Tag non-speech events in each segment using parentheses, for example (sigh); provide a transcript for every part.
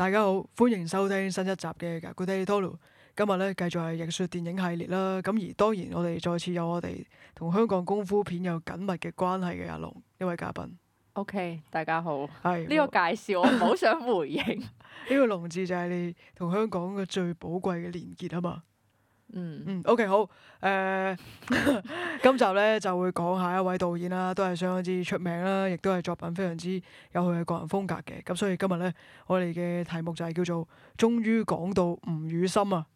大家好，歡迎收聽新一集嘅《Good Day to Lu》今日咧繼續係逆說電影系列啦。咁而當然，我哋再次有我哋同香港功夫片有緊密嘅關係嘅阿龍，一位嘉賓。O、okay, K，大家好。係呢個介紹，我唔係好想回應。呢 (laughs) 個龍字就係你同香港嘅最寶貴嘅連結啊嘛。嗯嗯，OK 好，誒、呃， (laughs) 今集咧就會講下一位導演啦，都係相當之出名啦，亦都係作品非常之有佢嘅個人風格嘅，咁所以今日咧我哋嘅題目就係叫做終於講到吳宇森啊，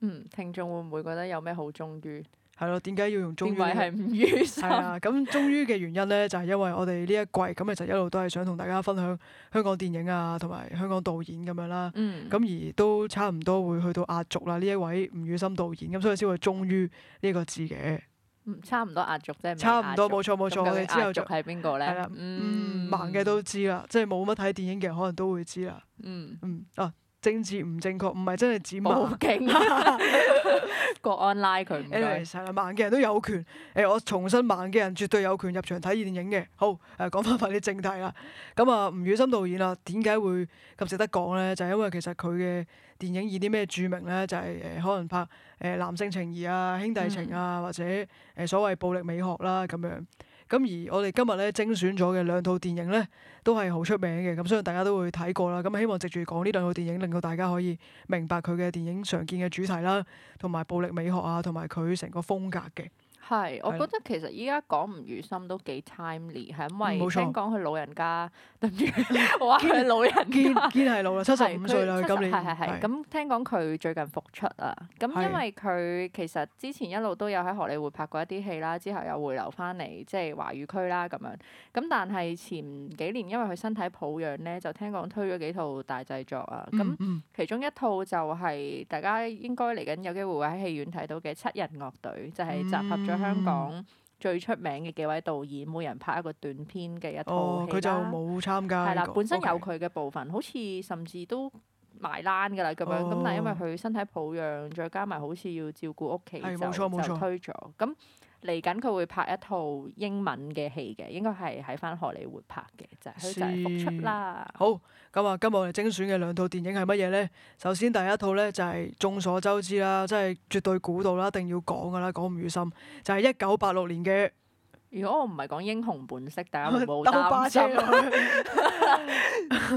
嗯，聽眾會唔會覺得有咩好終於？係咯，點解要用終於，這個？係唔於心？ (laughs) 係啦，咁終於嘅原因咧，就係、是、因為我哋呢一季咁，其實一路都係想同大家分享香港電影啊，同埋香港導演咁樣啦。嗯。咁而都差唔多會去到壓軸啦，呢一位吳宇森導演，咁所以先會終於呢個字嘅。差唔多壓軸啫。差唔多，冇錯冇錯，我哋之後續係邊個咧？係啦錯，盲嘅，了、嗯、都知啦，即係冇乜睇電影嘅人可能都會知啦。嗯嗯啊。政治唔正確，唔係真係指武警、國安拉佢。誒係啦，盲嘅人都有權。誒我重申盲嘅人絕對有權入場睇電影嘅。好誒，講翻返啲正題啦。咁啊，吳宇森導演啊，點解會咁值得講咧？就係、是、因為其實佢嘅電影以啲咩著名咧？就係、是、誒可能拍誒男性情誼啊、兄弟情啊，嗯、或者誒所謂暴力美學啦咁樣。咁而我哋今日咧精選咗嘅兩套電影咧，都係好出名嘅，咁所以大家都會睇過啦。咁希望藉住講呢兩套電影，令到大家可以明白佢嘅電影常見嘅主題啦，同埋暴力美學啊，同埋佢成個風格嘅。係，我覺得其實依家講吳宇森都幾 timely，係因為聽講佢老人家，對唔住我話佢老人家，健健係老啦，七十五歲啦，今年係係係。咁聽講佢最近復出啊，咁是因為佢其實之前一路都有喺荷里活拍過一啲戲啦，之後又回流翻嚟即係華語區啦咁樣。咁但係前幾年因為佢身體抱恙咧，就聽講推咗幾套大製作啊。咁、嗯、其中一套就係大家應該嚟緊有機會會喺戲院睇到嘅《七人樂隊》，就係、是、集合咗、嗯。嗯、香港最出名嘅幾位導演，每人拍一個短片嘅一套戲。哦，佢就冇參加。係啦，本身有佢嘅部分，Okay. 好似甚至都埋單㗎啦咁樣。咁、哦、但係因為佢身體抱恙，再加埋好似要照顧屋企，的就錯就推咗。咁錯。嚟緊佢會拍一套英文嘅戲嘅，應該係喺返荷里活拍嘅，就係佢就嚟復出啦。好，咁啊，今日我哋精選嘅兩套電影係乜嘢咧？首先第一套咧就係眾所周知啦，即係絕對估到啦，一定要講噶啦，講吳宇森就係一九八六年嘅。如果我唔係講英雄本色，大家冇擔心，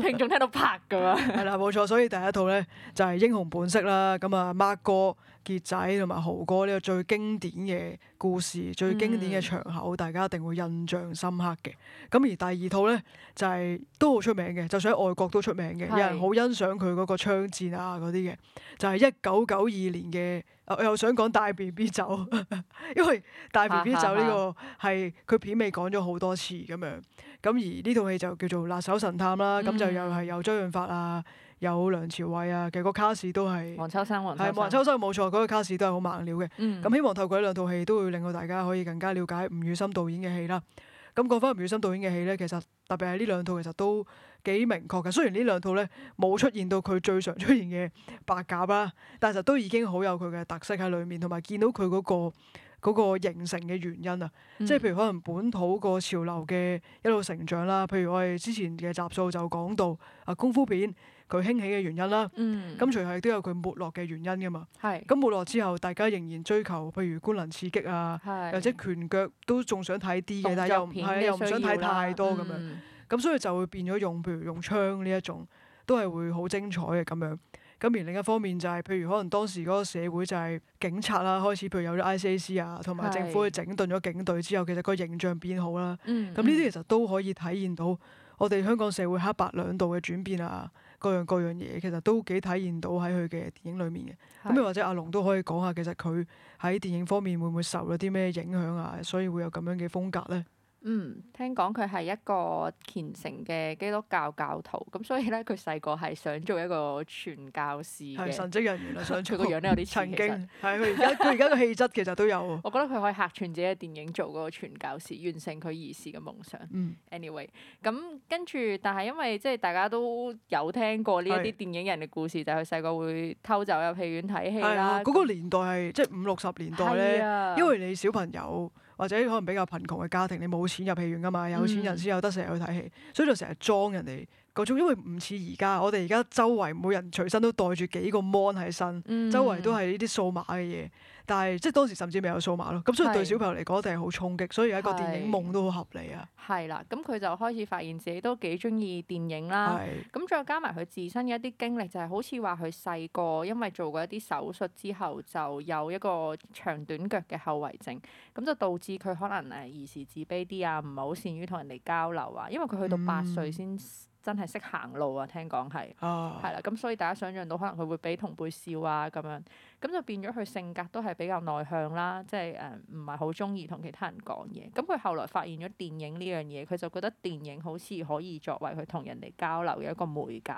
聽眾聽到拍噶啦。係 (laughs) 啦，冇錯，所以第一套咧就係英雄本色啦。咁啊，Mark 哥。傑仔同埋豪哥呢個最經典嘅故事，嗯、最經典嘅場口，大家一定會印象深刻嘅。咁而第二套呢，就係、是、都好出名嘅，就算喺外國都出名嘅，是有人好欣賞佢嗰個槍戰啊嗰啲嘅，就係一九九二年嘅。我又想講帶 B B 走， (laughs) 因為帶 B B 走呢個係佢哈片尾講咗好多次咁樣。咁而呢套戲就叫做《辣手神探》啦，咁就又係有周潤發啊。有梁朝偉啊，其實、嗰個卡士都係黃秋生，黃秋生冇錯，嗰個卡士都係好猛料嘅。咁、嗯、希望透過呢兩套戲，都會令到大家可以更加了解吳宇森導演嘅戲啦。咁講翻吳宇森導演嘅戲咧，其實特別係呢兩套其實都幾明確嘅。雖然呢兩套咧冇出現到佢最常出現嘅白鴿啦，但係其實都已經好有佢嘅特色喺裡面，同埋見到佢嗰、嗰個嗰個形成嘅原因啊。嗯、即係譬如可能本土個潮流嘅一路成長啦。譬如我哋之前嘅集數就講到啊功夫片，佢興起嘅原因啦，咁、嗯、隨後亦都有佢沒落嘅原因噶嘛。係咁是沒落之後，大家仍然追求譬如觀能刺激啊，或者是拳腳都仲想睇啲嘅，但係又唔係又唔想睇太多咁、嗯、樣。咁所以就會變咗用譬如用槍呢一種，都係會好精彩嘅咁樣。咁而另一方面就係、是、譬如可能當時嗰個社會就係警察啦、啊，開始譬如有咗 ICAC 啊，同埋政府去整頓咗警隊之後，其實個形象變好啦。嗯，咁呢啲其實都可以體現到我哋香港社會黑白兩道嘅轉變啊。各樣各樣嘢，其實都幾體現到喺佢嘅電影裡面嘅。咁又的或者阿龍都可以講下，其實佢喺電影方面會唔會受咗啲咩影響啊？所以會有咁樣嘅風格咧。嗯，聽講佢係一個虔誠嘅基督教教徒，咁所以咧，佢細個係想做一個傳教士嘅神職人員啦。想佢個樣都有啲似，曾經係佢而家佢而家嘅氣質其實都有。 (laughs) 我覺得佢可以客串自己嘅電影做嗰個傳教士，完成佢兒時嘅夢想。Anyway，咁跟住，但係因為即係大家都有聽過呢一啲電影人嘅故事，的就係佢細個會偷走入戲院睇戲啦。嗰、那個年代係那即係五六十年代咧的，因為你小朋友。或者可能比較貧窮嘅家庭，你冇錢入戲院㗎嘛？有錢人先有得成日去睇戲，所以就成日裝人哋。嗰種，因為唔似而家，我哋而家周圍每人隨身都袋住幾個 mon 喺身，嗯、周圍都係呢啲數碼嘅嘢。但係即係當時甚至未有數碼咯，咁是所以對小朋友嚟講一定係好衝擊，所以有一個電影夢都好合理啊。係啦，咁佢就開始發現自己都幾中意電影啦。咁再的加埋佢自身嘅一啲經歷，就係好似話佢細個因為做過一啲手術之後，就有一個長短腳嘅後遺症，咁就導致佢可能誒兒時自卑啲啊，唔係好善於同人哋交流啊。因為佢去到八歲先、嗯。真係識行路啊！聽講係，係啦，咁所以大家想像到可能佢會俾同輩笑啊咁樣，咁就變咗佢性格都係比較內向啦，即係誒唔係好鍾意同其他人講嘢。咁佢後來發現咗電影呢樣嘢，佢就覺得電影好似可以作為佢同人哋交流嘅一個媒介。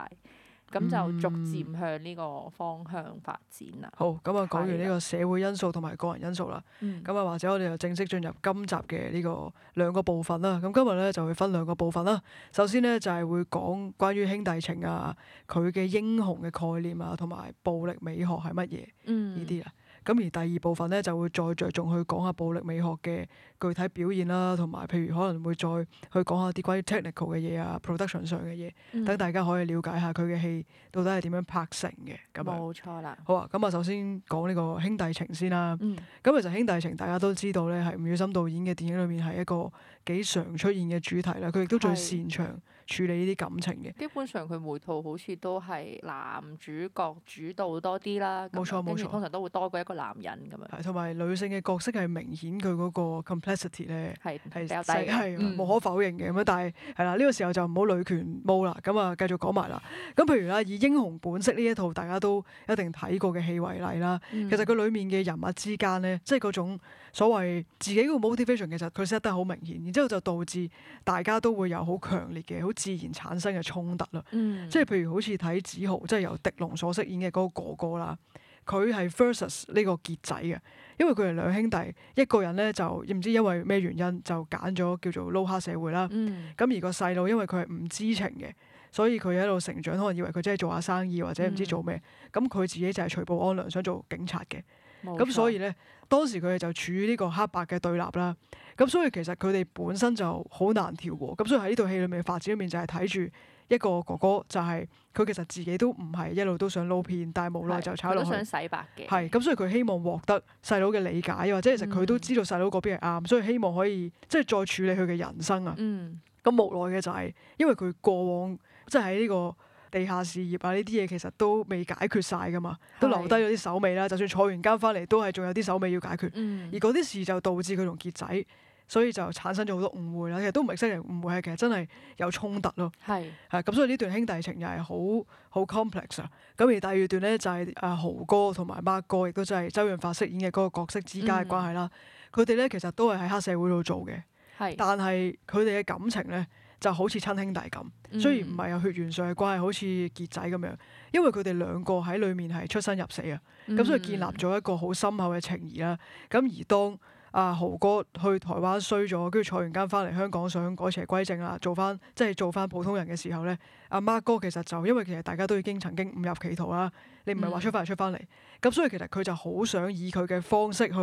咁就逐漸向呢個方向發展啦。嗯、好，咁啊講完呢個社會因素同埋個人因素啦，咁啊、嗯、或者我哋就正式進入今集嘅呢個兩個部分啦。咁今日咧就會分兩個部分啦。首先咧就係會講關於兄弟情啊，佢嘅英雄嘅概念啊，同埋暴力美學係乜嘢呢啲啊。嗯咁而第二部分咧，就會再着重去講下暴力美學嘅具體表現啦，同埋譬如可能會再去講下啲關於 technical 嘅嘢啊，production 上嘅嘢，等、嗯、大家可以了解下佢嘅戲到底係點樣拍成嘅咁樣。冇、嗯、錯啦。好啊，咁啊，我首先講呢個兄弟情先啦。咁其實兄弟情大家都知道咧，係吳宇森導演嘅電影裏面係一個幾常出現嘅主題啦。佢亦都最擅長。處理呢啲感情嘅，基本上佢每套好似都係男主角主導多啲啦，冇錯冇錯，通常都會多過一個男人冇錯，咁樣，同埋女性嘅角色係明顯佢嗰個 complexity 咧係比較低，係無可否認嘅咁啊，嗯、但係係啦呢個時候就唔好女權冇啦，咁啊繼續講埋啦。咁譬如啦，以英雄本色呢一套大家都一定睇過嘅戲為例啦，嗯、其實佢裡面嘅人物之間咧，即係嗰種。所謂自己嗰個 motivation 其實佢 set 得好明顯，然之後就導致大家都會有好強烈嘅、好自然產生嘅衝突啦。嗯、即係譬如好似睇子豪，即係由狄龍所飾演嘅嗰個哥哥啦，佢係 versus 呢個傑仔嘅，因為佢哋兩兄弟，一個人呢就唔知因為咩原因就揀咗叫做撈黑社會啦。咁、嗯、而個細路，因為佢係唔知情嘅，所以佢喺度成長，可能以為佢真係做下生意或者唔知做咩。咁佢、嗯、自己就係除暴安良，想做警察嘅。咁錯所以呢。當時佢哋就處於呢個黑白嘅對立啦，咁所以其實佢哋本身就好難調和，咁所以喺呢套戲裏面發展裏面就係睇住一個哥哥，就係、是、佢其實自己都唔係一路都想撈片，但係無奈就洗白嘅。係咁，所以佢希望獲得細佬嘅理解，或者其實佢都知道細佬嗰邊係啱，所以希望可以即係、就是、再處理佢嘅人生啊。咁無奈嘅就係、是、因為佢過往即係喺呢個。地下事業啊，呢啲嘢其實都未解決晒噶嘛，都留低咗啲手尾啦。的就算坐完監翻嚟，都係仲有啲手尾要解決。嗯、而嗰啲事就導致佢同傑仔，所以就產生咗好多誤會啦。其實都唔係真係誤會，係其實真係有衝突咯。係咁的、啊、所以呢段兄弟情又係好好 complex 啊。咁而第二段咧就係、是、阿、啊、豪哥同埋 Mark 哥，亦都即係周潤發飾演嘅嗰個角色之間嘅關係啦。佢哋咧其實都係喺黑社會度做嘅，的的但係佢哋嘅感情咧。就好似親兄弟咁，雖然唔係有血緣上嘅關係，好似傑仔咁樣，因為佢哋兩個喺裏面係出生入死啊，咁所以建立咗一個好深厚嘅情誼啦。咁而當阿豪哥去台灣衰咗，跟住坐完監翻嚟香港想改邪歸正啦，做翻即係做翻普通人嘅時候咧，阿、啊、Mark 哥其實就因為其實大家都已經曾經誤入歧途啦。你唔係話出翻嚟出翻嚟，咁所以其實佢就好想以佢嘅方式去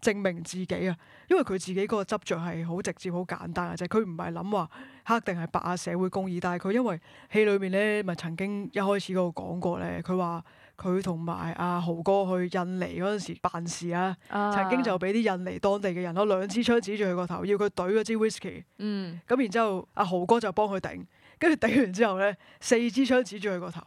證明自己啊，因為佢自己嗰個執著係好直接、好簡單嘅啫。佢唔係諗話黑定係白啊，社會公義。但係佢因為戲裏面咧，咪曾經一開始嗰度講過咧，佢話佢同埋阿豪哥去印尼嗰陣時辦事啊，啊曾經就俾啲印尼當地嘅人攞兩支槍指住佢個頭，要佢懟嗰支 whisky。嗯，咁然之後阿、啊、豪哥就幫佢頂，跟住頂完之後咧，四支槍指住佢個頭。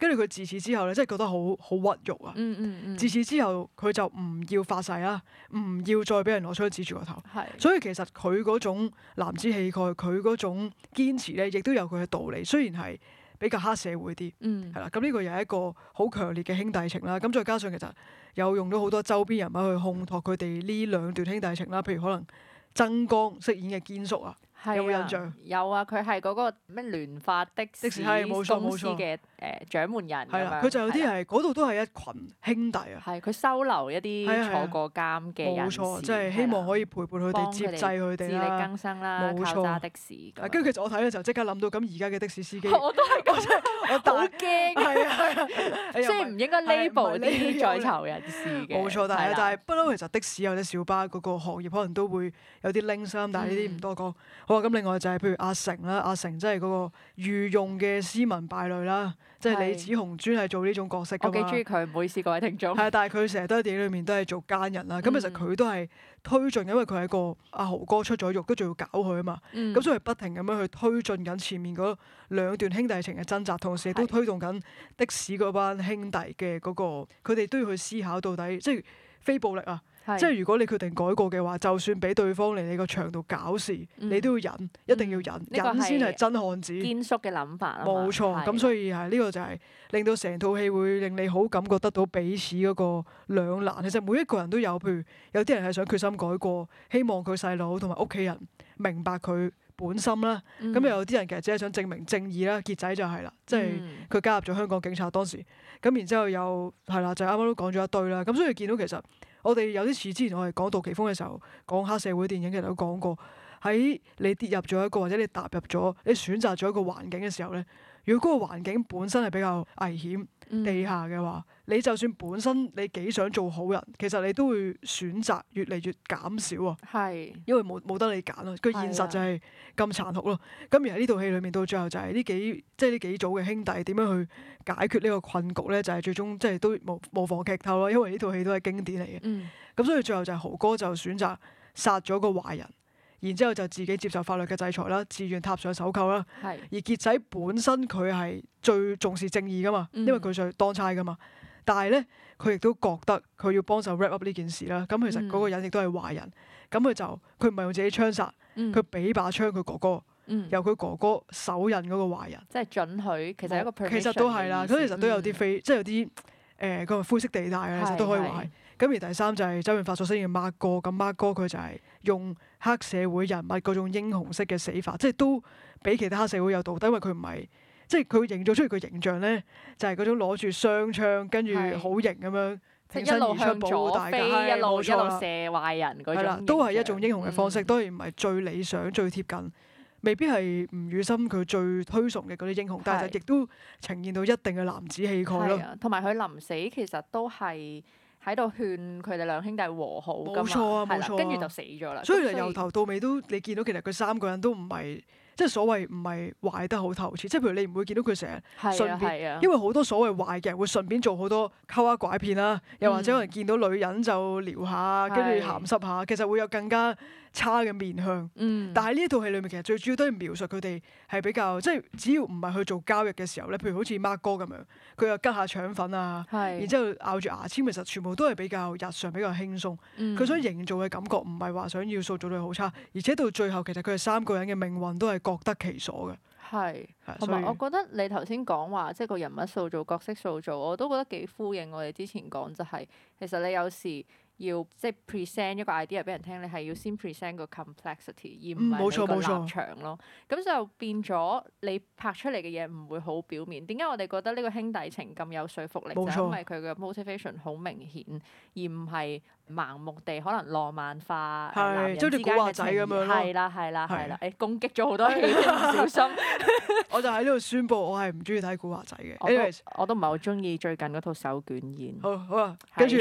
跟住佢自此之後咧，即係覺得好好屈辱啊！Mm, mm, mm. 自此之後，佢就唔要發誓啦，唔要再俾人攞槍指住個頭。Mm. 所以其實佢嗰種男子氣概，佢嗰種堅持咧，亦都有佢嘅道理。雖然係比較黑社會啲，係啦、mm.。咁、這、呢個又係一個好強烈嘅兄弟情啦。咁再加上其實又用咗好多周邊人物去烘托佢哋呢兩段兄弟情啦。譬如可能曾江飾演嘅堅叔啊。有冇印象？有啊，佢係嗰個咩聯發的士公司嘅誒，掌門人。係啊，佢就有啲係嗰度都係一群兄弟啊。係佢收留一啲坐過監嘅人。冇錯，即係希望可以陪伴佢哋，接濟佢哋。自力更生啦，冇錯，靠揸的士。跟住其實我睇咧就即刻諗到咁而家嘅的士司機。我都係覺得，我好驚，即係唔應該 label 啲在囚人士。冇錯，但係但係不嬲，其實的士或者小巴嗰個行業可能都會有啲 ling 心，但係呢啲唔多講。哇！咁另外就係譬如阿成啦，阿成即係嗰個御用嘅斯文敗類啦，是即係李子雄專係做呢種角色噶嘛。我幾中意佢，唔好意思，各位聽眾。係啊，但係佢成日都喺電影裏面都係做奸人啦。咁、嗯、其實佢都係推進，因為佢係一個阿豪哥出咗獄都仲要搞佢啊嘛。咁、嗯、所以不停咁樣去推進緊前面嗰兩段兄弟情嘅掙扎，同時都推動緊的士嗰班兄弟嘅嗰、那個，佢哋都要去思考到底，即係非暴力啊。即係如果你決定改過嘅話，就算俾對方嚟你個場度搞事，嗯、你都要忍，一定要忍，嗯、忍先係真漢子堅叔嘅諗法。冇錯咁，的所以係呢、呢個就係、是、令到成套戲會令你好感覺得到彼此嗰個兩難。其實每一個人都有，譬如有啲人係想決心改過，希望佢細佬同埋屋企人明白佢本心啦。咁、嗯、有啲人其實只係想證明正義啦。傑仔就係啦，即係佢加入咗香港警察當時咁，然之後又係啦，就啱啱都講咗一堆啦。咁所以見到其實。我哋有啲似之前我哋講杜琪峰嘅時候講黑社會電影嘅都講過。喺你跌入咗一個或者你踏入咗，你選擇咗一個環境嘅時候咧，如果嗰個環境本身係比較危險、嗯、地下嘅話，你就算本身你幾想做好人，其實你都會選擇越嚟越減少啊。係是，因為冇冇得你揀啊。個現實就係咁殘酷咯。咁而喺呢套戲裏面到最後就係呢幾即係呢幾組嘅兄弟點樣去解決呢個困局咧？就係、是、最終即係都冇冇妨劇透咯。因為呢套戲都係經典嚟嘅。咁、嗯、所以最後就係豪哥就選擇殺咗個壞人。然之後就自己接受法律嘅制裁啦，自願踏上手扣啦。是而傑仔本身佢係最重視正義噶嘛，因為佢想當差噶嘛。嗯、但係呢，佢亦都覺得佢要幫手 wrap up 呢件事啦。咁其實嗰個人亦都係壞人。咁佢就佢唔係用自己槍殺，佢俾把槍佢哥哥，由佢、嗯、哥哥手刃嗰個壞人。即係准許，其實,其實都係啦。咁、嗯、其實都有啲飛，即係有啲誒嗰個灰色地帶其實都可以壞。咁是而第三就係周潤發所飾演 Mark 哥，咁 Mark 哥佢就係用。黑社會人物嗰種英雄式嘅死法，即係都比其他黑社會有道德，因為佢唔係即係佢營造出嚟嘅形象咧，就係、是、嗰種攞住雙槍跟住好型咁樣，挺身而出保護大家，一路一路射壞人嗰種，都係一種英雄嘅方式，都、嗯、當然唔係最理想、最貼近，未必係吳宇森佢最推崇嘅嗰啲英雄，是的 但係亦都呈現到一定嘅男子氣概咯。同埋佢臨死其實都係。喺度勸佢哋兩兄弟和好，冇錯啊，冇的錯、啊、跟住就死咗啦。所以由以頭到尾都你見到，其實佢三個人都唔係即係所謂唔係壞得好透徹。即係譬如你唔會見到佢成日順便，啊啊、因為好多所謂壞嘅人會順便做好多溝啊拐騙啦，又、嗯、或者可能見到女人就撩下，跟住鹹濕下，是其實會有更加。差嘅面向，但係呢套戲裏面其實最主要都係描述佢哋係比較，即係只要唔係去做交易嘅時候咧，譬如好似 Mark 哥咁樣，佢又拮下腸粉啊，是然之後咬住牙籤，其實全部都係比較日常，比較輕鬆。佢想營造嘅感覺唔係話想要塑造到好差，而且到最後其實佢哋三個人嘅命運都係各得其所嘅。係，同埋我覺得你頭先講話即係個人物塑造、角色塑造，我都覺得幾呼應我哋之前講就係、是，其實你有時。要即係 present 一個 idea 俾人聽，你係要先 present 個 complexity，而唔係你個立場咯。咁、嗯、就變咗你拍出嚟嘅嘢唔會好表面。點解我哋覺得呢個兄弟情咁有說服力？冇錯，就係因為佢嘅 motivation 好明顯，而唔係。盲目地可能浪漫化男人之間嘅情誼，好似古惑仔咁樣，係啦係啦係啦，誒攻擊咗好多戲，唔小心，我就喺呢度宣佈，我係唔中意睇古惑仔嘅。anyways 我都唔係好中意最近嗰套手捲煙。好啊，跟住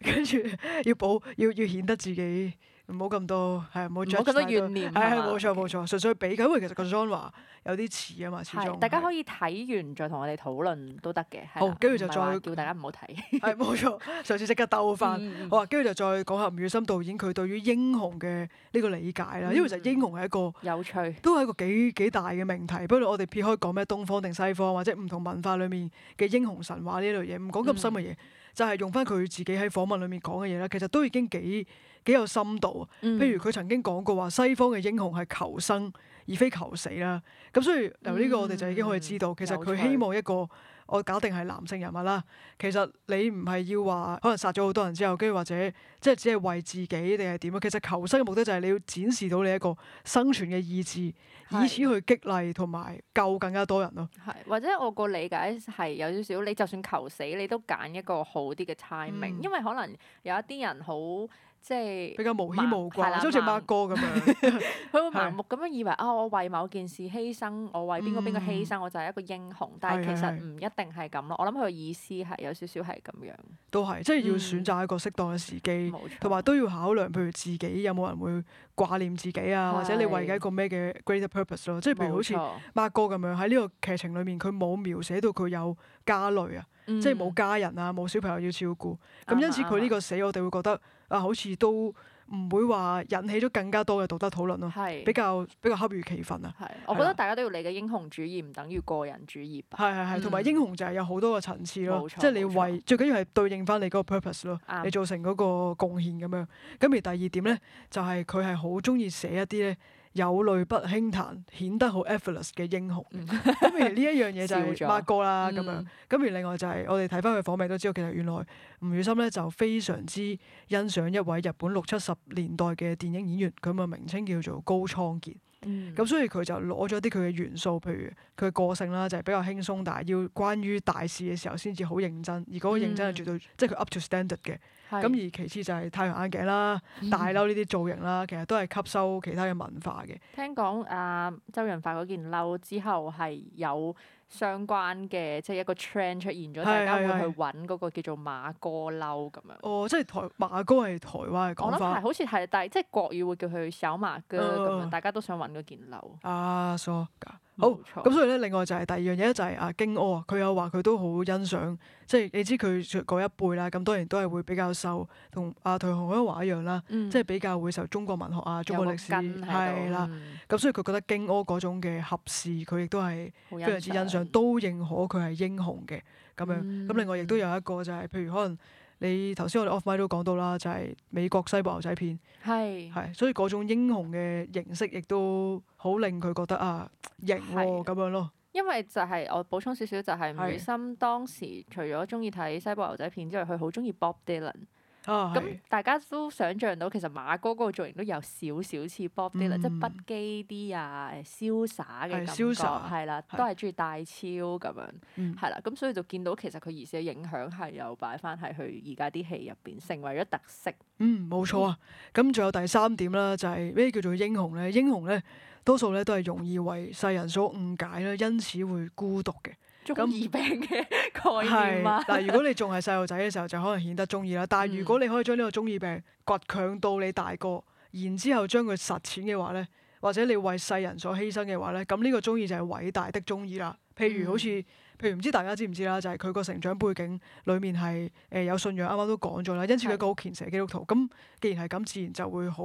跟住要保要要顯得自己。唔好咁多，係唔好著曬。唔好咁怨念。係，冇錯冇錯。純粹比較，因為其實個 genre 話有啲似啊嘛，始終大家可以睇完再同我哋討論都得嘅。好，跟住就再叫大家唔好睇。係冇錯，上次即刻兜翻。好啊，跟住就再講下吳宇森導演佢對於英雄嘅呢個理解啦。因為其實英雄係一個有趣，都係一個幾幾大嘅命題。不如我哋撇開講咩東方定西方，或者唔同文化裏面嘅英雄神話呢一類嘢，唔講咁深嘅嘢，就係用翻佢自己喺訪問裡面講嘅嘢啦。其實都已經幾。幾有深度啊！譬如佢曾經講過話，西方嘅英雄係求生而非求死啦。咁所以，由呢個我哋就已經可以知道，嗯嗯、其實佢希望一個我假定係男性人物啦。其實你唔係要話可能殺咗好多人之後，跟住或者即係只係為自己定係點啊？其實求生嘅目的就係你要展示到你一個生存嘅意志，以此去激勵同埋救更加多人咯。係或者我個理解係有少少，你就算求死，你都揀一個好啲嘅 timing，因為可能有一啲人好。即係比較無牽無掛，好似馬哥咁樣，佢會盲目咁樣以為啊，我為某件事犧牲，我為邊個邊個犧牲，我就係一個英雄。但係其實唔一定係咁咯。我諗佢嘅意思係有少少係咁樣。都係，即係要選擇一個適當嘅時機，同埋都要考量，譬如自己有冇人會掛念自己啊，或者你為緊一個咩嘅 greater purpose 咯。即係譬如好似馬哥咁樣喺呢個劇情裏面，佢冇描寫到佢有家累啊，即係冇家人啊，冇小朋友要照顧。咁因此佢呢個死，我哋會覺得。啊，好似都唔會話引起咗更加多嘅道德討論咯是，比較比較恰如其分是啊！我覺得大家都要理嘅英雄主義唔等於個人主義，係係係，同埋、嗯、英雄就係有好多個層次咯，即係錯你為錯要為最緊要係對應返你嗰個 purpose 咯，你做成嗰個貢獻咁樣。咁、嗯、而第二點咧，就係佢係好中意寫一啲咧。有淚不輕彈，顯得好 effortless 嘅英雄。咁而呢一樣嘢就係 Mark 哥啦，咁樣咁而、嗯嗯、另外就係我哋睇翻佢訪問都知道，其實原來吳宇森呢就非常之欣賞一位日本六七十年代嘅電影演員，佢個名稱叫做高倉健。咁、嗯、所以佢就攞咗啲佢嘅元素，譬如佢個性啦，就係比較輕鬆，但係要關於大事嘅時候先至好認真。而嗰個認真係絕對，嗯、即係佢 up to standard 嘅。咁是而其次就係太陽眼鏡啦、大褸呢啲造型啦，嗯、其實都係吸收其他嘅文化嘅。聽講啊、呃，周潤發嗰件褸之後係有。相關嘅即係一個 trend 出現咗，大家會去揾嗰個叫做馬哥褸咁樣。哦，即係台馬哥係台灣嘅講法，我諗係好似係，但係即係國語會叫佢小馬哥咁樣，呃、大家都想揾嗰件褸。啊，so 好，咁、哦、所以咧，另外就係第二樣嘢咧，就係阿京柯啊，佢有話佢都好欣賞，即係你知佢嗰一輩啦，咁當然都係會比較受同阿唐浩一話一樣啦，嗯、即係比較會受中國文學啊、中國歷史係啦，咁、嗯、所以佢覺得荊軻嗰種嘅合事，佢亦都係非常之欣賞，欣賞都認可佢係英雄嘅咁樣。咁、嗯嗯、另外亦都有一個就係、是，譬如可能。你頭先我哋 offline 都講到啦，就係、是、美國西部牛仔片，係係是，所以嗰種英雄嘅形式亦都好令佢覺得啊型喎咁樣咯。因為就係、是、我補充少少就係、是，吳宇森當時除咗中意睇西部牛仔片之外，佢好中意 Bob Dylan。咁、啊、大家都想象到，其實馬哥嗰個造型都有少少似 Bob 啲啦、嗯，即係不羈啲啊，誒，瀟灑嘅感覺，係啦，是都係中意大超咁樣，係、嗯、啦，咁所以就見到其實佢兒時嘅影響係又擺翻喺佢而家啲戲入邊，成為咗特色。嗯，冇錯啊。咁仲、嗯、有第三點啦，就係、是、咩叫做英雄咧？英雄咧多數咧都係容易為世人所誤解啦，因此會孤獨嘅。中二病嘅概念、啊嗯、但如果你仲係細路仔嘅時候，就可能顯得中二啦。但係如果你可以將呢個中二病倔強到你大個，然之後將佢實踐嘅話咧，或者你為世人所犧牲嘅話咧，咁呢個中二就係偉大的中二啦。譬如好似，譬如唔知大家知唔知啦，就係佢個成長背景裏面係誒、呃、有信仰，啱啱都講咗啦。因此佢個好虔誠嘅基督徒，咁的既然係咁，自然就會好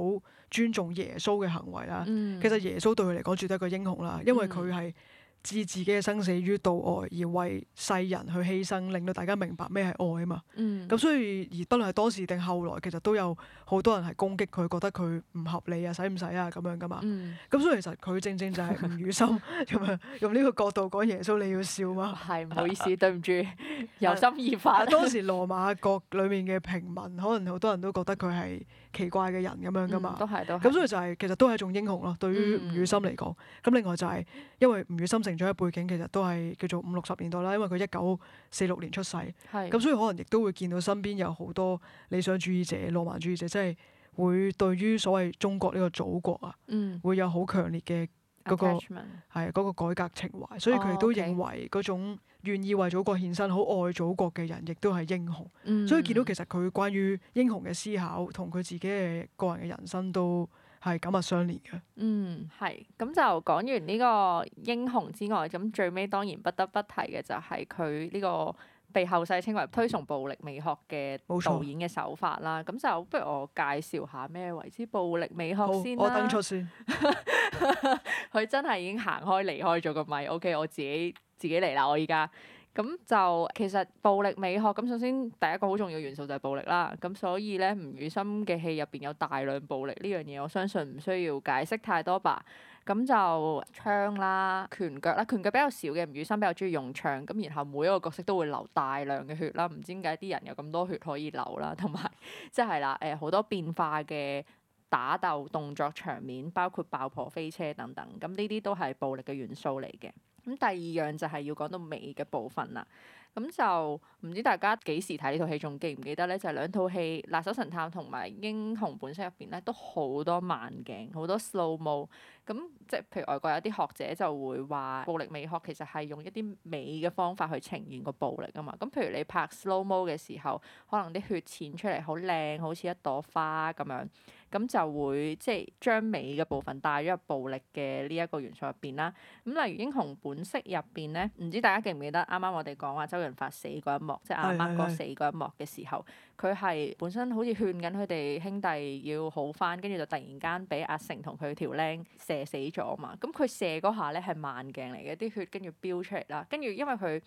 尊重耶穌嘅行為啦。嗯、其實耶穌對佢嚟講絕對係一個英雄啦，因為佢係。嗯置自己嘅生死於度外，而為世人去犧牲，令到大家明白咩係愛啊嘛。咁、嗯、所以而，不論係當時定後來，其實都有好多人係攻擊佢，覺得佢唔合理啊，使唔使啊咁樣噶嘛。咁、嗯、所以其實佢正正就係吳宇森咁樣， (laughs) 用呢個角度講耶穌，你要笑嘛？係，唔好意思，對唔住， (laughs) 由心而發。當時羅馬國裏面嘅平民，可能好多人都覺得佢係。奇怪嘅人咁樣噶嘛，咁、嗯、所以就係、是、其實都係一種英雄咯，對於吳宇森嚟講。咁、嗯、另外就係、是、因為吳宇森成長嘅背景，其實都係叫做五六十年代啦。因為佢一九四六年出世，咁是所以可能亦都會見到身邊有好多理想主義者、浪漫主義者，即係會對於所謂中國呢個祖國啊，嗯、會有好強烈嘅嗰、嗰個係嗰 Att achment.、嗰個改革情懷。所以佢哋都認為嗰種。願意為祖國獻身，好愛祖國嘅人，亦都係英雄。嗯、所以見到其實佢關於英雄嘅思考，同佢自己嘅個人嘅人生都係緊密相連嘅。嗯，係。咁就講完呢個英雄之外，咁最尾當然不得不提嘅就係佢呢個被後世稱為推崇暴力美學嘅導演嘅手法啦。咁、嗯、就不如我介紹下咩為之暴力美學先啦。好，我等錯先。佢 (laughs) 真係已經行開離開咗個咪。OK，我自己。自己嚟啦！我而家咁就其實暴力美學。咁首先第一個好重要元素就係暴力啦。咁所以咧，吳宇森嘅戲入邊有大量暴力呢樣嘢，我相信唔需要解釋太多吧。咁就槍啦、拳腳啦、拳腳比較少嘅，吳宇森比較中意用槍。咁然後每一個角色都會流大量嘅血啦。唔知點解啲人有咁多血可以流啦，同埋即係啦，誒、呃、好多變化嘅打鬥動作場面，包括爆破、飛車等等。咁呢啲都係暴力嘅元素嚟嘅。咁第二樣就係要講到尾嘅部分啦。咁就唔知大家幾時睇呢套戲，仲記唔記得咧？就係兩套戲《辣手神探》同埋《英雄本色》入邊咧，都好多慢鏡，好多 slow mo。咁即係譬如外國有啲學者就會話，暴力美學其實係用一啲美嘅方法去呈現個暴力啊嘛。咁譬如你拍 slow mo 嘅時候，可能啲血濺出嚟好靚，好似一朵花咁樣，咁就會即係將美嘅部分帶咗入暴力嘅呢一個元素入邊啦。咁例如《英雄本色》入邊咧，唔知大家記唔記得啱啱我哋講話周。人發死嗰一幕，對對對，即係阿 Mark 哥死嗰一幕嘅時候，佢係本身好似勸緊佢哋兄弟要好翻，跟住就突然間俾阿成同佢條僆射死咗啊嘛！咁佢射嗰下咧，係慢鏡嚟嘅，啲血跟住飆出嚟啦，跟住因為佢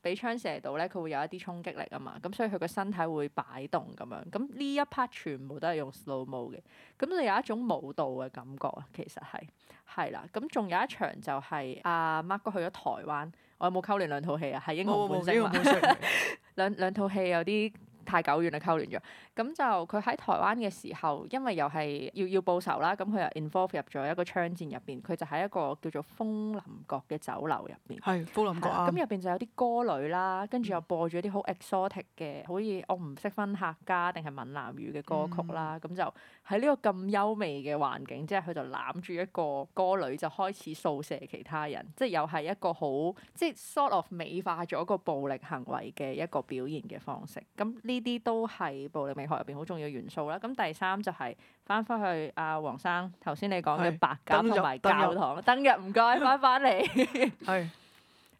俾槍射到咧，佢會有一啲衝擊力啊嘛，咁所以佢個身體會擺動咁樣。咁呢一 part 全部都係用 slow mo 嘅，咁你有一種舞蹈嘅感覺啊，其實係係啦。咁仲有一場就係阿 Mark 哥去咗台灣。我有冇溝你兩套戲啊？係英雄本色嘛？兩兩套戲有啲。太久遠啦，溝亂咗。咁就佢喺台灣嘅時候，因為又係要要報仇啦，咁佢又 involve 入咗一個槍戰入邊。佢就喺一個叫做楓林閣嘅酒樓入邊。係楓林閣。咁入邊就有啲歌女啦，跟住又播咗啲 ex、嗯、好 exotic 嘅，好似我唔識分客家定係閩南語嘅歌曲啦。咁、嗯、就喺呢個咁優美嘅環境，之下，佢就攬、是、住一個歌女就開始掃射其他人，即係又係一個好即係、就是、sort of 美化咗一個暴力行為嘅一個表現嘅方式。咁呢？呢啲都係暴力美學入邊好重要嘅元素啦。咁第三就係翻返去阿黃、啊、生頭先你講嘅白鴿同埋教堂。登日唔該，翻返嚟。 (laughs) (laughs)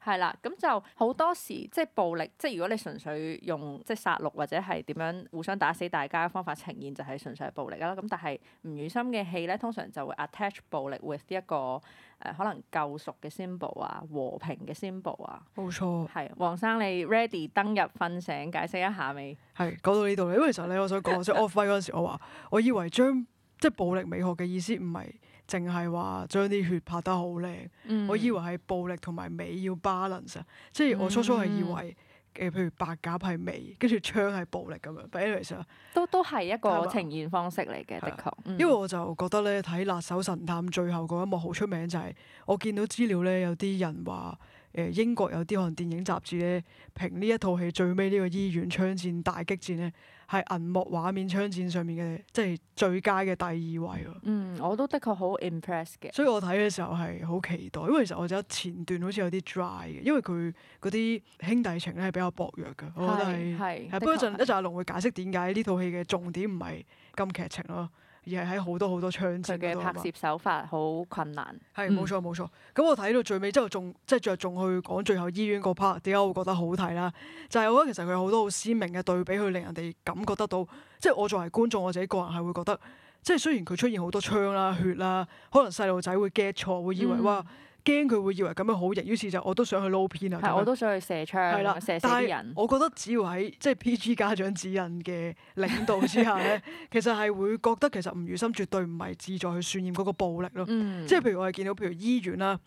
係啦，咁就好多時即係暴力，即係如果你純粹用即係殺戮或者係點樣互相打死大家嘅方法呈現，就係純粹係暴力啦。咁但係吳宇森嘅戲咧，通常就會 attach 暴力 with 呢、這、一個誒、呃、可能救贖嘅 symbol 啊、和平嘅 symbol 啊。冇錯。係，黃生你 ready 登入瞓醒，解釋一下未？係講到呢度啦，因為其實咧，我想講先。 (laughs) 我揮嗰陣時，我話我以為將即係暴力美學嘅意思唔係。淨係話將啲血拍得好靚，嗯、我以為係暴力同埋美要 balance 啊！嗯、即係我初初係以為誒、呃，譬如白鴿係美，跟住槍係暴力咁樣。balance 啊，都都係一個呈現方式嚟嘅，吧的確。啊嗯、因為我就覺得咧，睇《辣手神探》最後嗰一幕好出名，就係、是、我見到資料咧，有啲人話。誒英國有啲可能電影雜誌咧，評呢一套戲最尾呢個醫院槍戰大激戰咧，係銀幕畫面槍戰上面嘅即係最佳嘅第二位咯。嗯，我都的確好 impress 嘅。所以我睇嘅時候係好期待，因為其實我覺得前段好似有啲 dry 嘅，因為佢嗰啲兄弟情咧係比較薄弱嘅。是我覺得係係，不過一陣阿龍會解釋點解呢套戲嘅重點唔係咁劇情咯。而係喺好多好多槍戰嘅拍攝手法好困難。係冇錯冇錯。咁、嗯、我睇到最尾之後，仲即係著重去講最後醫院嗰 part，點解我會覺得好睇啦？就係、是、我覺得其實佢有好多好鮮明嘅對比，去令人哋感覺得到。即係我作為觀眾，我自己個人係會覺得，即係雖然佢出現好多槍啦、血啦，可能細路仔會 get 錯，會以為、嗯、哇。驚佢會以為咁樣好型，於是就我都想去撈片啊！嗯、樣我都想去射槍，了射死啲人。我覺得只要喺即係、就是、PG 家長指引嘅領導之下咧， (laughs) 其實係會覺得其實吳宇森絕對唔係志在去渲染嗰個暴力咯。嗯、即係譬如我哋見到譬如醫院啦，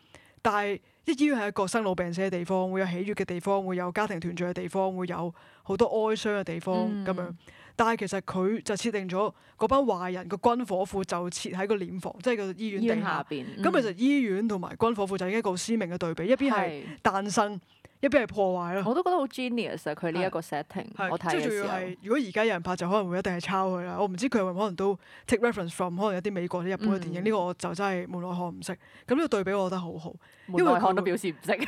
但係啲醫院係一個生老病死嘅地方，會有喜悅嘅地方，會有家庭團聚嘅地方，會有好多哀傷嘅地方咁、嗯、樣。但係其實佢就設定咗嗰班壞人個軍火庫就設喺個殮房，即、就、係、是、個醫院地下邊。咁、嗯、其實醫院同埋軍火庫就一個好鮮明嘅對比，一邊係誕生。一邊係破壞咯，我都覺得好 genius 啊！佢呢一個 setting，是我睇嘅時候，仲要係如果而家有人拍就可能會一定係抄佢啦。我唔知佢有冇可能都 take reference from，可能有啲美國啲日本嘅電影。呢、嗯、個我就真係無奈看唔識。咁呢個對比我覺得好好，因為無奈何都表示唔識。邊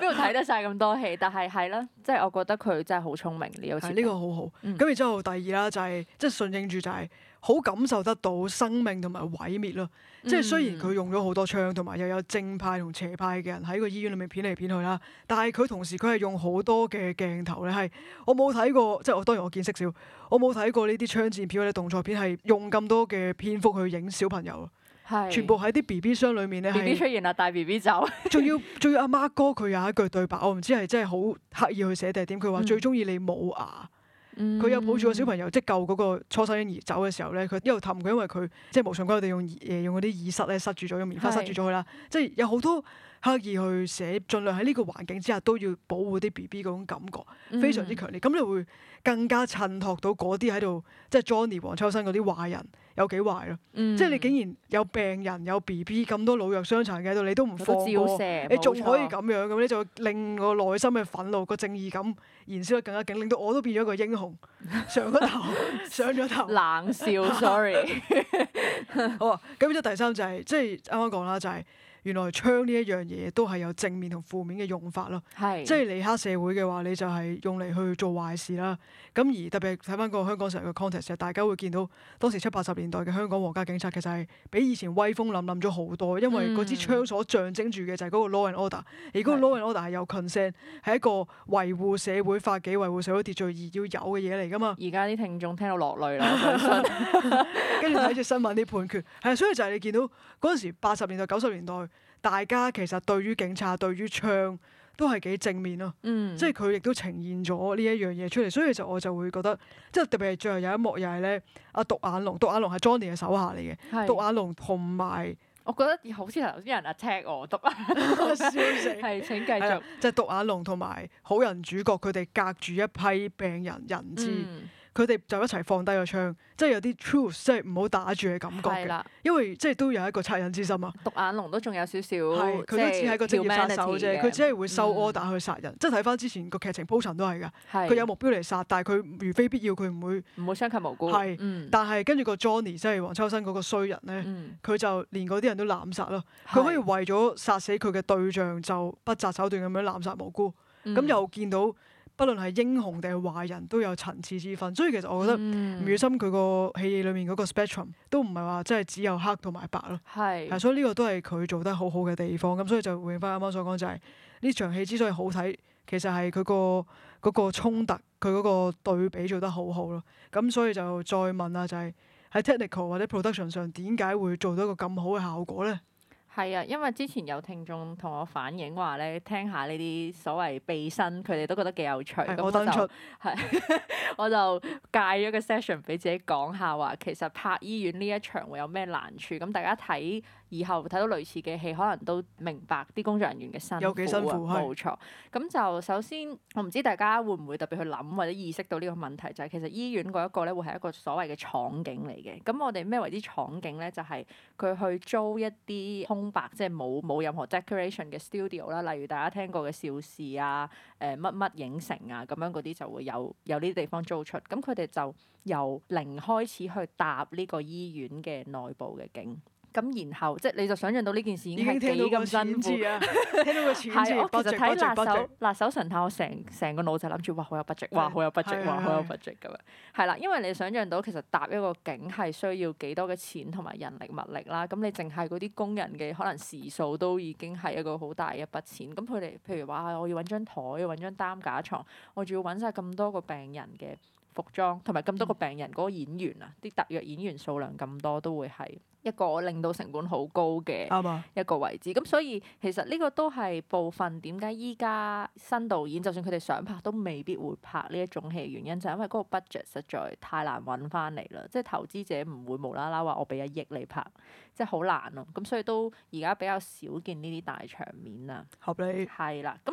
度睇得晒咁多戲？但係係啦，即係、就是、我覺得佢真係好聰明呢！有、這個好、這個、好。咁然之後第二啦，就係即係順應住就係、是。好感受得到生命同埋毀滅咯，即係雖然佢用咗好多槍，同埋又有正派同邪派嘅人喺個醫院裏面片嚟片去啦，但係佢同時佢係用好多嘅鏡頭咧，係我冇睇過，即係我當然我見識少，我冇睇過呢啲槍戰片或者動作片係用咁多嘅篇幅去影小朋友，是全部喺啲 B B 箱裏面咧，B B 出現啦，帶 B B 走，仲 (laughs) 要仲要阿媽哥佢有一句對白，我唔知係真係好刻意去寫定係點，佢話最中意你冇牙。佢有抱住個小朋友，即係救嗰個初生嬰兒走嘅時候咧，佢一路氹佢，因為佢即係無上級，我哋用誒用嗰啲耳塞咧塞住咗，用棉花塞住咗佢啦，是即係有好多。刻意去寫，盡量喺呢個環境之下都要保護啲 B B 嗰種感覺，非常之強烈。咁、嗯、你會更加襯托到嗰啲喺度，即係 Johnny、黃秋生嗰啲壞人有幾壞咯。嗯、即係你竟然有病人有 B B 咁多老弱傷殘嘅喺度，你都唔放過，照射你仲可以咁樣，咁錯你就令我內心嘅憤怒、個正義感燃燒得更加勁，令到我都變咗個英雄， (laughs) 上咗頭，上咗頭冷笑。Sorry。好啊，咁就第三就係、是、即係啱啱講啦，就係、是。原來槍呢一樣嘢都係有正面同負面嘅用法咯，是即係你黑社會嘅話，你就係用嚟去做壞事啦。咁而特別睇翻個香港成日嘅 context，大家會見到當時七八十年代嘅香港皇家警察其實係比以前威風凜凜咗好多，因為嗰支槍所象徵住嘅就係嗰個 law and order，而嗰個 law and order 係有 concern，係是一個維護社會法紀、維護社會秩序而要有嘅嘢嚟㗎嘛。而家啲聽眾聽到落淚啦，跟住睇住新聞啲判決，係所以就係你見到嗰陣時八十年代、九十年代。大家其實對於警察、對於槍都係幾正面咯，嗯、即係佢亦都呈現咗呢一樣嘢出嚟，所以其實我就會覺得，即係特別係最後有一幕又係咧，阿獨眼龍，獨眼龍係 Johnny 嘅手下嚟嘅，獨是眼龍同埋，我覺得好似頭先有人阿 check 我，獨眼龍個消息，係 (laughs) (laughs) 請繼續，即係獨眼龍同埋好人主角佢哋隔住一批病人人質。嗯。佢哋就一齊放低個槍，即係有啲 truth，即係唔好打住嘅感覺，因為即係都有一個惻隱之心啊。獨眼龍都仲有少少，佢都只係一個職業殺手啫，佢只係會收 order 去殺人。即係睇翻之前個劇情鋪陳都係噶，佢有目標嚟殺，但係佢如非必要佢唔會唔會傷及無辜。但係跟住個 Johnny 即係黃秋生嗰個衰人咧，佢就連嗰啲人都濫殺咯。佢可以為咗殺死佢嘅對象，就不擇手段咁樣濫殺無辜。咁又見到。不論係英雄定係壞人，都有層次之分。所以其實我覺得吳宇森佢個戲裏面嗰個 spectrum 都唔係話即係只有黑同埋白咯。係是，所以呢個都係佢做得好好嘅地方。咁所以就回應翻啱啱所講，就係、是、呢場戲之所以好睇，其實係佢、那個嗰個衝突，佢嗰個對比做得好好咯。咁所以就再問啊、就是，就係喺 technical 或者 production 上，點解會做到一個咁好嘅效果咧？係啊，因為之前有聽眾同我反映話咧，聽下呢啲所謂秘辛，佢哋都覺得幾有趣，咁是我就係我就戒咗個 session 俾自己講下話，其實拍醫院呢一場會有咩難處，咁大家睇，以後睇到類似嘅戲，可能都明白啲工作人員嘅辛苦，有幾辛苦？冇錯，咁是就首先我唔知大家會唔會特別去諗或者意識到呢個問題，就係、是、其實醫院嗰一個咧，會係一個所謂嘅廠景嚟嘅。咁我哋咩為之廠景咧？就係、是、佢去租一啲空白，即係冇冇任何 decoration 嘅 studio 啦，例如大家聽過嘅邵氏啊、誒乜乜影城啊，咁樣嗰啲就會有有呢啲地方租出。咁佢哋就由零開始去搭呢個醫院嘅內部嘅景。咁然後即你就想象到呢件事已經係幾咁辛苦，聽到個錢字，係我其實睇辣手辣手神探，我成成個腦就諗住哇好有 budget，哇好有 budget，哇好有 budget 咁樣。係啦，因為你想象到其實搭一個景係需要幾多嘅錢同埋人力物力啦。咁你淨係嗰啲工人嘅可能時數都已經係一個好大嘅一筆錢。咁佢哋譬如話，我要揾張台，揾張擔架床，我仲要揾晒咁多個病人嘅。服裝同埋咁多個病人嗰個演員啊，啲、嗯、特約演員數量咁多，都會係一個令到成本好高嘅一個位置。咁吧所以其實呢個都係部分點解依家新導演就算佢哋想拍都未必會拍呢一種戲，原因就係、是、因為嗰個 budget 實在太難揾翻嚟啦，即係投資者唔會無啦啦話我俾一億你拍，即係好難咯、啊。咁所以都而家比較少見呢啲大場面理啦。合理係啦，咁。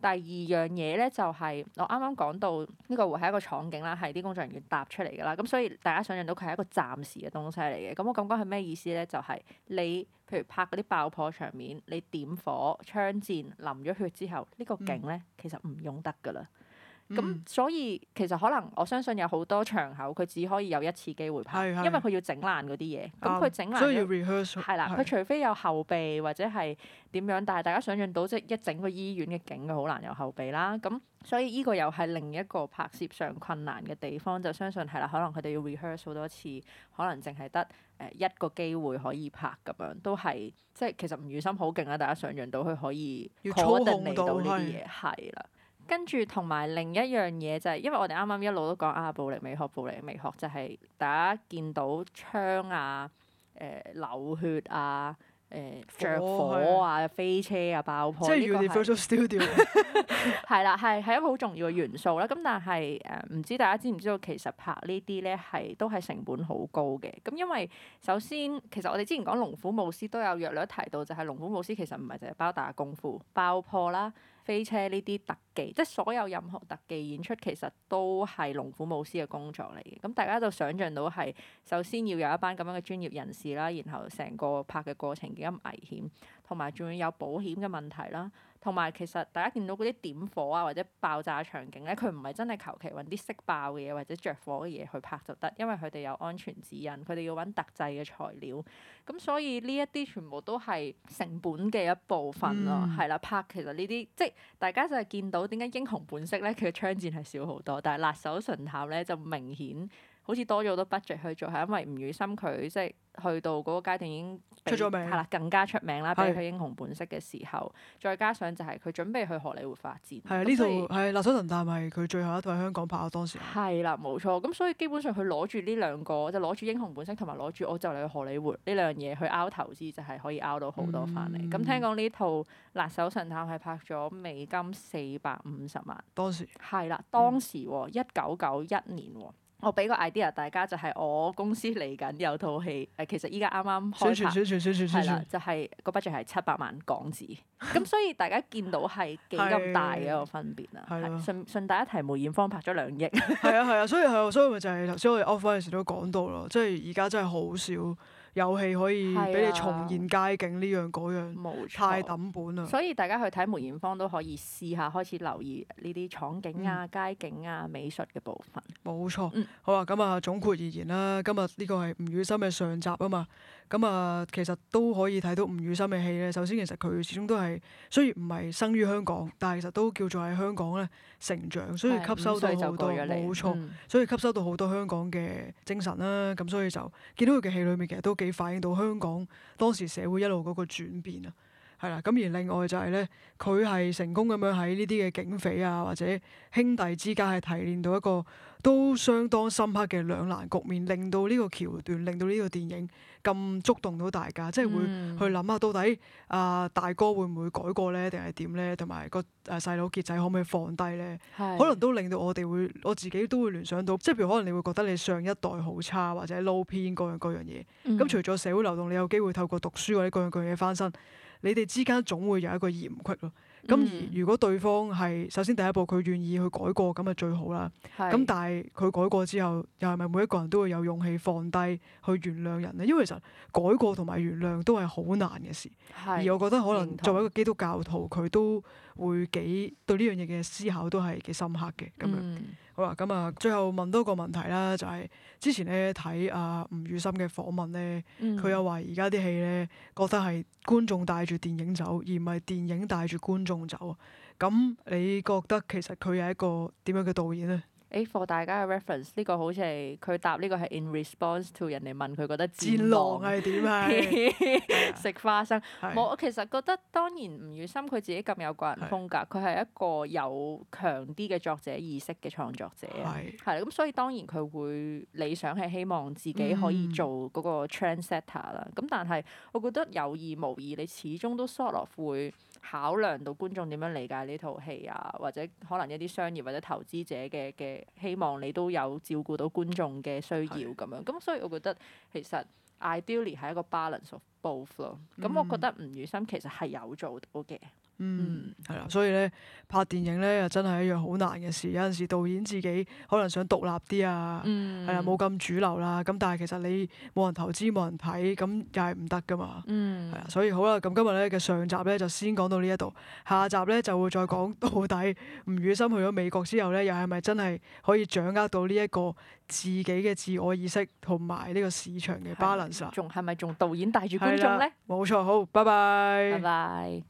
第二樣嘢咧就係、是、我啱啱講到呢、這個會係一個廠景啦，係啲工作人員搭出嚟噶啦，咁所以大家想象到佢係一個暫時嘅東西嚟嘅。咁我咁講係咩意思咧？就係、是、你譬如拍嗰啲爆破場面，你點火、槍戰、淋咗血之後，呢、這個景咧其實唔用得㗎啦。嗯咁、嗯、所以其實可能我相信有好多場口佢只可以有一次機會拍，嗯、因為佢要整爛嗰啲嘢。咁佢整爛，所以要 rehearse。係啦，佢除非有後備或者係點樣，但係大家想像到即一整個醫院嘅景，佢好難有後備啦。咁所以呢個又係另一個拍攝上困難嘅地方，就相信係啦，可能佢哋要 rehearse 好多次，可能淨係得誒一個機會可以拍咁樣，都係即其實吳宇森好勁啊！大家想像到佢可以確定嚟到呢啲嘢係啦。跟住同埋另一樣嘢就係，因為我哋啱啱一路都講啊，暴力美學、暴力美學就係、是、大家見到槍啊、誒、呃、流血啊、誒、呃、着火啊、火啊飛車啊、爆破。即係 Universal Studio (laughs) (laughs) 係啦，係係一個好重要嘅元素啦。咁但係誒，唔、呃、知大家知唔知道，其實拍呢啲咧係都係成本好高嘅。咁因為首先，其實我哋之前講《龍虎武師》都有約略提到，就係、是《龍虎武師》其實唔係淨係包打功夫、爆破啦。飛車呢啲特技，即所有任何特技演出，其實都係龍虎武師嘅工作嚟嘅。咁大家就想像到係，首先要有一班咁樣嘅專業人士啦，然後成個拍嘅過程幾咁危險，同埋仲要有保險嘅問題啦。同埋其實大家見到嗰啲點火啊或者爆炸場景咧，佢唔係真係求其揾啲識爆嘅嘢或者着火嘅嘢去拍就得，因為佢哋有安全指引，佢哋要揾特製嘅材料。咁所以呢一啲全部都係成本嘅一部分咯、啊，係啦、嗯，拍其實呢啲即大家就係見到點解英雄本色咧佢嘅槍戰係少好多，但係辣手神探咧就明顯。好似多咗好多 budget 去做，係因為吳宇森佢即係去到嗰個階段已經出咗名，係啦，更加出名啦，俾佢英雄本色嘅時候，的再加上就係佢準備去荷里活發展。係啊的，呢套係《辣手神探》，係佢最後一套喺香港拍嘅當時。係啦，冇錯。咁所以基本上佢攞住呢兩個，就攞住《英雄本色》同埋攞住我就嚟去荷里活呢兩樣嘢去拗投資，就係、是、可以拗到好多翻嚟。咁、嗯、聽講呢套《辣手神探》係拍咗美金四百五十萬當時。當時。係啦，當時喎，一九九一年喎。嗯。我俾個 idea 大家就係、是、我公司嚟緊有套戲，誒其實依家啱啱開拍，係啦，就係、是個 budget 係七百萬港紙，咁 (laughs) 所以大家見到係幾咁大嘅個分別啊的的！順順帶一提，梅艷芳拍咗兩億，係啊係啊，所以係啊，所以咪就係頭先我哋 offer 嘅時都講到咯，即係而家真係好少。遊戲可以俾你重現街景呢樣嗰樣，冇錯，太抌本啦。所以大家去睇梅艷芳都可以試下開始留意呢啲廠景啊、嗯、街景啊、美術嘅部分。冇錯，嗯、好啦，咁啊總括而言啦，今日呢個係吳宇森嘅上集啊嘛。咁啊，其實都可以睇到吳宇森嘅戲咧。首先，其實佢始終都係雖然唔係生於香港，但係其實都叫做喺香港咧成長，所以吸收到好多。冇錯，所以吸收到好多香港嘅精神啦。咁、啊、所以就見到佢嘅戲裏面其實都幾。你反映到香港當時社會一路嗰個轉變啊！係啦，咁而另外就係咧，佢係成功咁樣喺呢啲嘅警匪啊，或者兄弟之間係提煉到一個都相當深刻嘅兩難局面，令到呢個橋段，令到呢個電影咁觸動到大家，即係會去諗下到底啊、呃、大哥會唔會改過咧，定係點咧？同埋個誒細佬傑仔可唔可以放低咧？是可能都令到我哋會，我自己都會聯想到，即係譬如可能你會覺得你上一代好差，或者撈偏各樣各樣嘢。咁、嗯、除咗社會流動，你有機會透過讀書或者各樣各樣嘢翻身。你哋之間總會有一個嫌隙咯。咁而如果對方係首先第一步，佢願意去改過，咁就最好啦。咁是但係佢改過之後，又係咪每一個人都會有勇氣放低去原諒人呢？因為其實改過同埋原諒都係好難嘅事。是而我覺得可能作為一個基督教徒，佢都會幾對呢樣嘢嘅思考都係幾深刻嘅咁樣。嗯好啦，咁啊，最後問多個問題啦，就係、是、之前咧睇啊吳宇森嘅訪問咧，佢、嗯、又話而家啲戲咧，覺得係觀眾帶住電影走，而唔係電影帶住觀眾走。咁你覺得其實佢係一個點樣嘅導演咧？誒，for、欸、大家嘅 reference，呢個好似係佢答呢個係 in response to 人哋問佢覺得戰狼係點啊？食花生，是我其實覺得當然吳宇森佢自己咁有個人風格，佢係是一個有強啲嘅作者意識嘅創作者，係是，咁所以當然佢會理想係希望自己可以做嗰個 trendsetter 啦。咁但係我覺得有意無意，你始終都 sort of 會。考量到觀眾點樣理解呢套戲啊，或者可能一啲商業或者投資者嘅嘅希望，你都有照顧到觀眾嘅需要咁是的 樣。咁、嗯、所以我覺得其實 ideally 係一個 balance of 咁我覺得吳宇森其實係有做到嘅。嗯，係啦、嗯，所以咧拍電影咧又真係一樣好難嘅事，有陣時導演自己可能想獨立啲啊，係啦、嗯，冇咁主流啦。咁但係其實你冇人投資，冇人睇，咁又係唔得噶嘛。嗯，係啊，所以好啦，咁今日咧嘅上集咧就先講到呢一度，下集咧就會再講到底吳宇森去咗美國之後咧，又係咪真係可以掌握到呢一個自己嘅自我意識同埋呢個市場嘅 balance？仲係咪仲導演帶住佢？冇錯，好，拜拜。拜拜。